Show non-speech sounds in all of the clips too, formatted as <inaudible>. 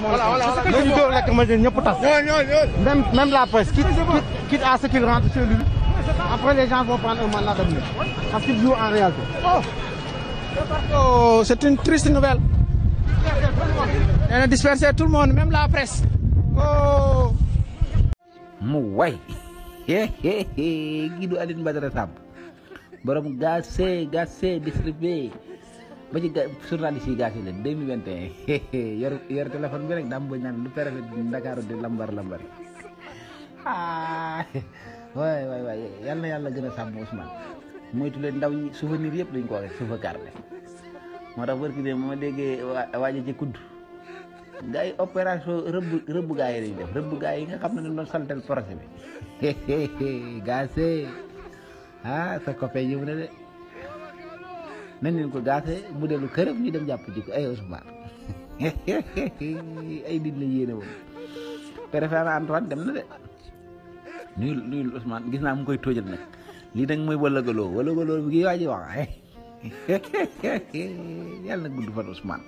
moo ñu dóor rek ma ne ñëpp la presse quitte à ce qu'il rentre chez lui. après les gens vont prendre un mandat d'avenir parce qu'il joue en réalité. oh, oh c'est une triste nouvelle. nee disperser tout le monde même la presse. oh. mu way. Guidou Aline Badara Samb borom gassé gassé distribué. ba ci journaliste yi gaas yi leen 2021 yor yor téléphone bi rek daam bo ñaan lu préfet Ndakaaru di lambar lambar ah waay waay waay yal na yàlla gën a sàmm Ousmane moytu leen ndaw ñi souvenir yëpp dañ ko waxee sauvegarde moo tax barki de ma déggee waaja ci kudd gars opération rëbb rëbb gars yi rëbb gars yi nga xam ne dañ saltel projet bi gaasee ah sa copain ñëw na de nañ leen ko gaasee mu dellu këram ñu dem jàpp ji ko ay Ousmane <laughs> ay nit la yéene woon préfet Antoine dem na de nuyul nuyul Ousmane gis naa mu koy tóojal nag lii nag mooy walagaloo walagaloo bi ngi waa ji wax <laughs> yàlla na gudd fan Ousmane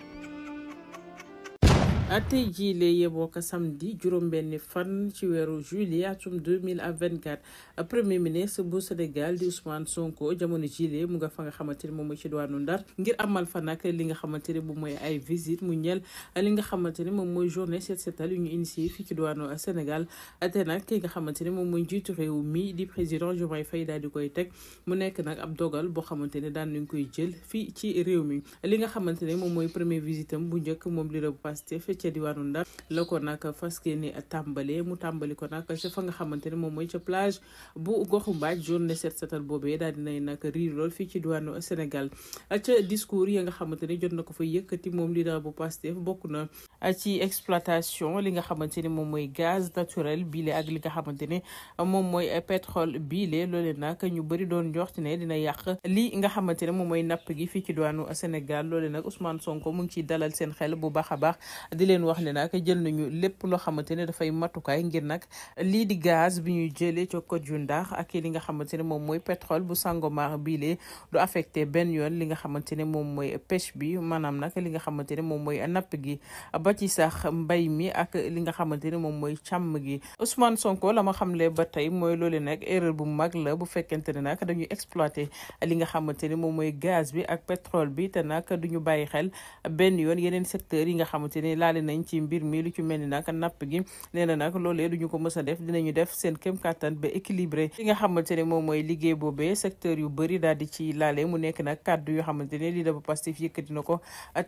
tey jii lay yeboo ko samedi juróom-benni fan ci weeru juillet atum 2024 premier ministre bu Sénégal di Ousmane Sonko jamono jii mu nga fa nga xamante ni moom mooy ci diwaanu Ndar ngir amal fa nag li nga xamante ni moom mooy ay visite mu ñel li nga xamante ni moom mooy journée setal yu ñu initié fii ci diwaanu Sénégal te nag ki nga xamante ni moom mooy njiitu réew mi di président Diomaye Faye daal di koy teg mu nekk nag ab dogal boo xamante ni daan nañ koy jël fii ci réew mi li nga xamante ni moom mooy premier visite bu njëkk moom li la Pastef foofee ca diwaanu Ndar la ko nag fas yéene tàmbale mu tàmbali ko nag ca fa nga xamante ne moom mooy ca plage bu goxu mbaaj journée set setal boobee daal dinay nag riir lool fii ci diwaanu Sénégal ca discours yi nga xamante ne jot na ko fa yëkkati moom leader bu Pastef bokk na a ci exploitation li nga xamante ni moom mooy gaz naturel bile ak li nga xamante ne moom mooy pétrole bile loolee nag ñu bëri doon jox ne dina yàq li nga xamante ne moom mooy napp gi fii ci diwaanu Sénégal loolee nag Ousmane Sonko mu ngi ciy dalal seen xel bu baax a baax di leen wax ne nag jël nañu lépp loo xamante ne dafay matukaay ngir nag lii di gaz bi ñuy jëlee ci Côte li nga xamante ne moom mooy pétrole bu Sangomar bile du affecté benn yoon li nga xamante ne moom mooy pêche bi maanaam nag li nga xamante ne moom mooy napp gi. ba ci sax mbay mi ak li nga xamante ni moom mooy càmm gi Ousmane Sonko la ma xamle ba tey mooy loole nag erreur bu mag la bu fekkente ne nag dañuy exploité li nga xamante ni moom mooy gaz bi ak pétrole bi te nag duñu bàyyi xel benn yoon yeneen secteurs yi nga xamante ni laale nañ ci mbir mi lu ci mel ni nag napp gi nee na nag loolee duñu ko mës a def dinañu def seen kéem kattan ba équilibré li nga xamante ne moom mooy liggéey boobee secteur yu bëri daal di ci laale mu nekk nag kàddu yoo xamante ne lii dafa Pastef yëkkati na ko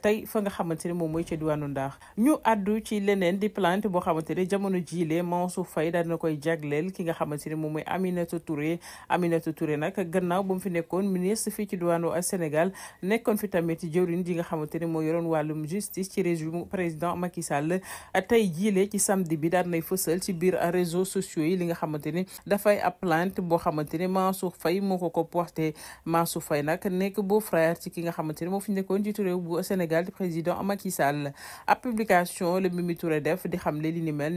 tey fa nga xamante ne moom mooy ca ndax ñu àddu ci leneen di plante boo xamante ne jamono jiile Mansour Faye daal dina koy jagleel ki nga xamante ne moom mooy Aminata Touré Aminata Touré nag gannaaw ba fi nekkoon ministre fii ci diwaanu Sénégal nekkoon fi tamit jëwriñ ji nga xamante ne moo yoroon wàllum justice ci régime président Macky Sall tey jiile ci samedi bi daal nay fësal ci biir réseaux sociaux yi li nga xamante ne dafay ab plainte boo xamante ne Mansour Faye moo ko ko porté Mansour Faye nag nekk boo frère ci ki nga xamante ne moo fi nekkoon jiitu réew bu Sénégal di président Macky Sall ab publication la Mimi Touré def di xam le li ni mel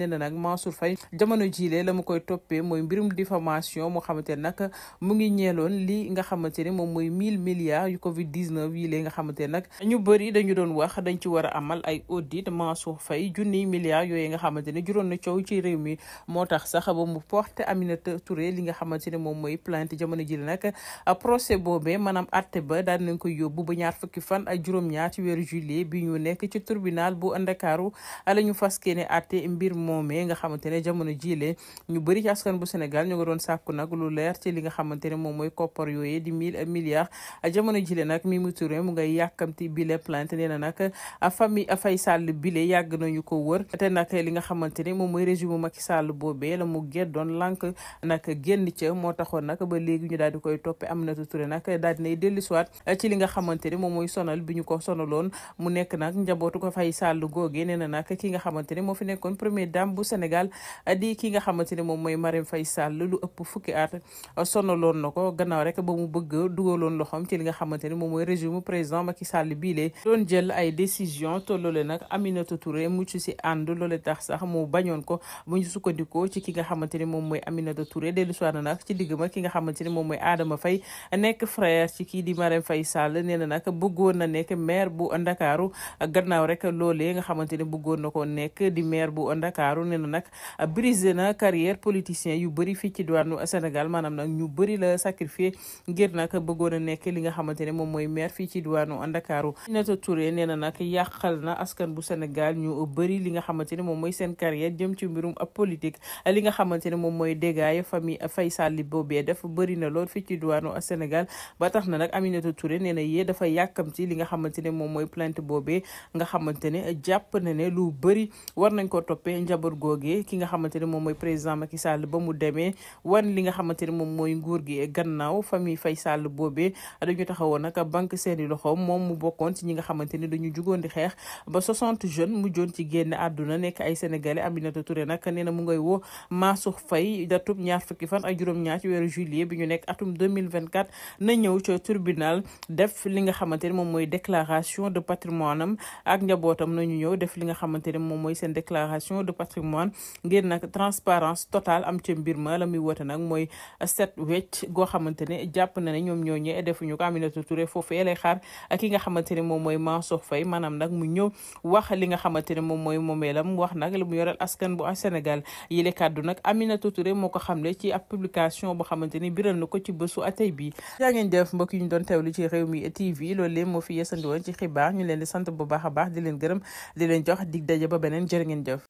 nee milliards yu Covid yi lée nga xamante nag ñu bëri dañu doon wax dañ ci war a amal ay audit Mansour Faye junniy milliards yooyu nga xamante ne coow ci réew mi moo tax sax ba mu porte Aminata Touré li nga xamante ne moom mooy plainte jamono jile nag procès boobee maanaam atte ba daan nañ koy yóbbu ba ñaar fukki fan ak juróom-ñaar ci weeru juillet bi ñu nekk ci tribunal bu ndakaaru la ñu fas yéene àtte mbir moomee nga xamante ne jamono jiile ñu bëri ci askan bu Sénégal ñu nga doon sàkku nag lu leer ci li nga xamante ne moom mooy koppar yooyu di mille milliards jamono jile nag Mimi Touré mu ngay yàkkamti bile plainte nee na nag famille Faye Sall bile yàgg nañu ko wër te li nga xamante ne moom mooy régime Macky Sall boobee la mu geddoon lànk nag génn ca moo taxoon nag ba léegi ñu daal di koy toppe Aminata Touré nag daal dinay dellusiwaat ci li nga xamante ne moom mooy sonal bi ñu ko sonaloon mu nekk nag njabootu ko Faye Sall googee nee na nag ki nga xamante ne moo fi nekkoon première dame bu Sénégal di ki nga xamante ne moom mooy Marème Faye Sall lu ëpp fukki at sonaloon na ko gannaaw rek ba mu bëgg dugaloon loxoom ci nga xamante moom mooy régime président Macky Sall biile doon jël ay décision te loole nag Aminata Touré mucc si ànd loole tax sax mu bañoon ko bu ñu sukkandikoo ki nga xamante ne moom mooy Aminata Touré dellu si na nag ci digg ma ki nga xamante moom mooy Adama a nekk frère ci kii di Marème Faye Sall ne na nag bëggoon a nekk maire bu Ndakaaru gannaaw rek loolee xamante ne bëggoon na ko nekk di maire bu Ndakaaru nee na nag brisé na carrière politicien yu bëri fii ci diwaanu Sénégal maanaam nag ñu bëri la sacrifié ngir nag bëggoon a nekk li nga xamante ne moom mooy maire fii ci diwaanu Ndakaaru Aminata Touré nee na nag yàqal na askan bu Sénégal ñu bëri li nga xamante ne moom mooy seen carrière jëm ci mbirum politique li nga xamante ne moom mooy dégâts famille Faye Sall boobee def bëri na lool fii ci diwaanu Sénégal ba tax na nag Aminata Touré nee na yee dafa yàkkamti li nga xamante ne moom mooy plainte boobee nga xamante jàpp na ne lu bëri war nañ ko toppee njaboot googee ki nga xamante ne moom mooy président Macky sal ba mu demee wan li nga xamante ne moom mooy nguur gi gannaaw famille Faye Sall boobee dañu taxawoon nag banque seeni loxo moom mu bokkoon ci ñi nga xamante ne dañu jugoon di xeex ba 60 mu joon ci génn adduna nekk ay sénégalais Aminata Touré na nee na mu ngay woo Mansour Faye datub ñaar fukki fan ak juróom-ñaar weeru juillet bi ñu nekk atum 2024 na ñëw ca tribunal def li nga xamante ne moom mooy déclaration de patrimoine am ak njabootam ñëw def li nga xamante ne moom mooy seen déclaration de patrimoine ngir nag transparence total am ca mbir ma la muy woote nag mooy set wecc goo xamante ne jàpp na ne ñoom ñoo ñëwee defuñu ko Aminata Touré foofee lay xaar ak nga xamante ne moom mooy Mansour Faye maanaam nag mu ñëw wax li nga xamante ne moom mooy moomeelam wax nag li mu yoral askan bu Sénégal yile kaddu nag Aminata Touré moo ko xamle ci ab publication boo xamante ni biral na ko ci bésu atay bi yaa ngeen jëf mbokk yi ñu doon teewlu ci réew mi TV loolu moo fi yeesandi ci xibaar ñu leen di sant bu baax a baax di leen gërëm di leen jox dig daje ba beneen jërë ngeen jëf.